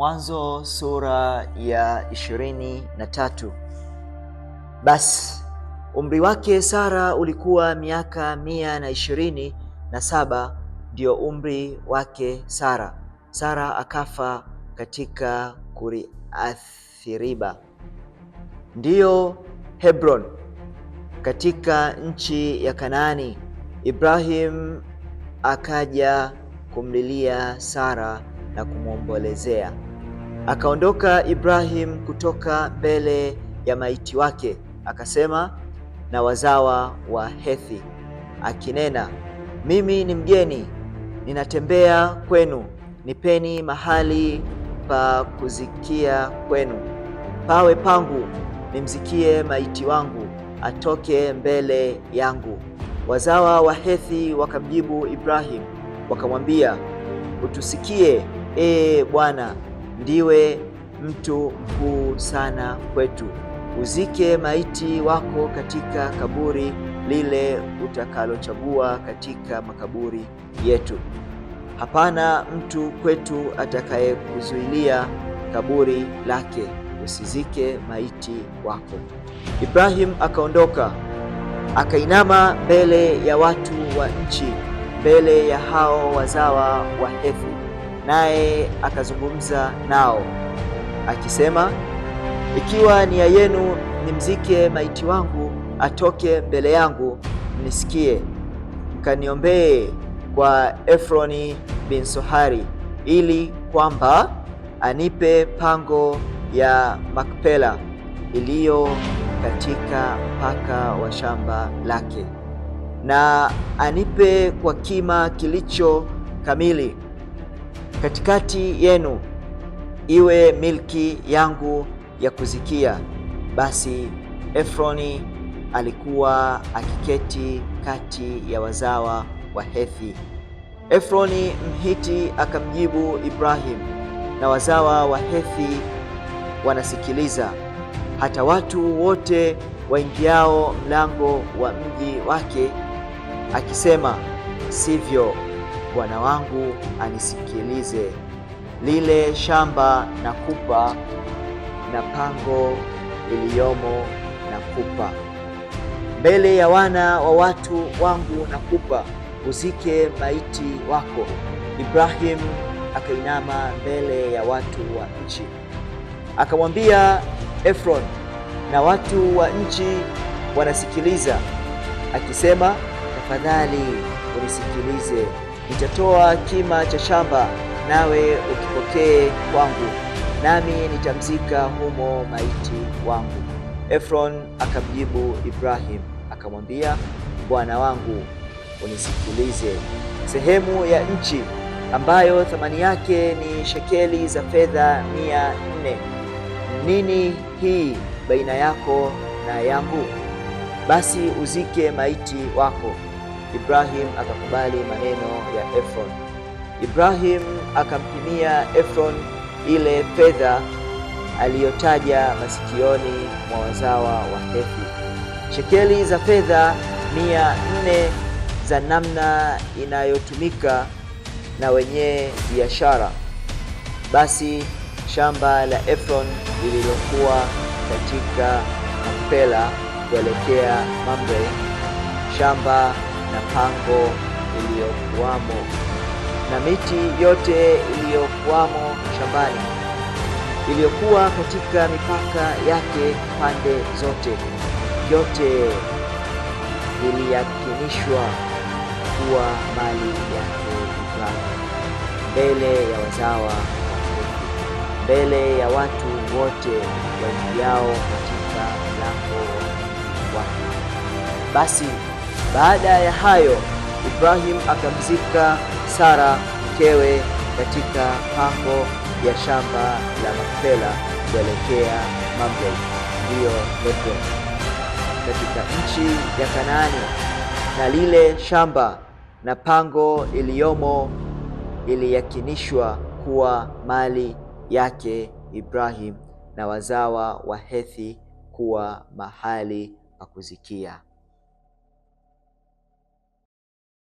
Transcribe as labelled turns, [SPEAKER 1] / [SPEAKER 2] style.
[SPEAKER 1] Mwanzo sura ya ishirini na tatu. Basi umri wake Sara ulikuwa miaka mia na ishirini na saba ndio umri wake Sara. Sara akafa katika Kuriathiriba ndiyo Hebron katika nchi ya Kanaani. Ibrahim akaja kumlilia Sara na kumwombolezea. Akaondoka Ibrahim kutoka mbele ya maiti wake, akasema na wazawa wa Hethi, akinena, mimi ni mgeni, ninatembea kwenu, nipeni mahali pa kuzikia kwenu, pawe pangu, nimzikie maiti wangu, atoke mbele yangu. Wazawa wa Hethi wakamjibu Ibrahim wakamwambia, utusikie, ee Bwana ndiwe mtu mkuu sana kwetu. Uzike maiti wako katika kaburi lile utakalochagua katika makaburi yetu. Hapana mtu kwetu atakayekuzuilia kaburi lake, usizike maiti wako. ibrahim akaondoka akainama mbele ya watu wa nchi, mbele ya hao wazawa wa Hethi naye akazungumza nao akisema, ikiwa nia yenu nimzike maiti wangu atoke mbele yangu, mnisikie mkaniombee kwa Efroni bin Sohari, ili kwamba anipe pango ya Makpela iliyo katika mpaka wa shamba lake, na anipe kwa kima kilicho kamili katikati yenu iwe milki yangu ya kuzikia. Basi Efroni alikuwa akiketi kati ya wazawa wa Hethi. Efroni Mhiti akamjibu Ibrahim, na wazawa wa Hethi wanasikiliza, hata watu wote waingiao mlango wa mji wake, akisema sivyo Bwana wangu anisikilize, lile shamba na kupa na pango iliyomo na kupa, mbele ya wana wa watu wangu na kupa, uzike maiti wako. Ibrahim akainama mbele ya watu wa nchi, akamwambia Efron, na watu wa nchi wanasikiliza, akisema tafadhali unisikilize nitatoa kima cha shamba, nawe ukipokee kwangu, nami nitamzika humo maiti wangu. Efron akamjibu Ibrahimu akamwambia, bwana wangu, unisikilize, sehemu ya nchi ambayo thamani yake ni shekeli za fedha mia nne nini hii baina yako na yangu? Basi uzike maiti wako Ibrahim akakubali maneno ya Efron. Ibrahim akampimia Efron ile fedha aliyotaja masikioni mwa wazawa wa Hethi, shekeli za fedha mia nne za namna inayotumika na wenye biashara. Basi shamba la Efron lililokuwa katika Mapela kuelekea Mamre, shamba na pango iliyokuwamo na miti yote iliyokuwamo shambani iliyokuwa katika mipaka yake pande zote, yote iliyakinishwa kuwa mali yake Ibrahimu mbele ya wazawa mbele ya watu wote waingiao katika mlango wake. Basi baada ya hayo, Ibrahim akamzika Sara mkewe katika pango ya shamba la Makpela kuelekea Mamre, ndiyo Hebron, katika nchi ya Kanaani, na lile shamba na pango iliyomo iliyakinishwa kuwa mali yake Ibrahim na wazawa wa Hethi kuwa mahali pa kuzikia.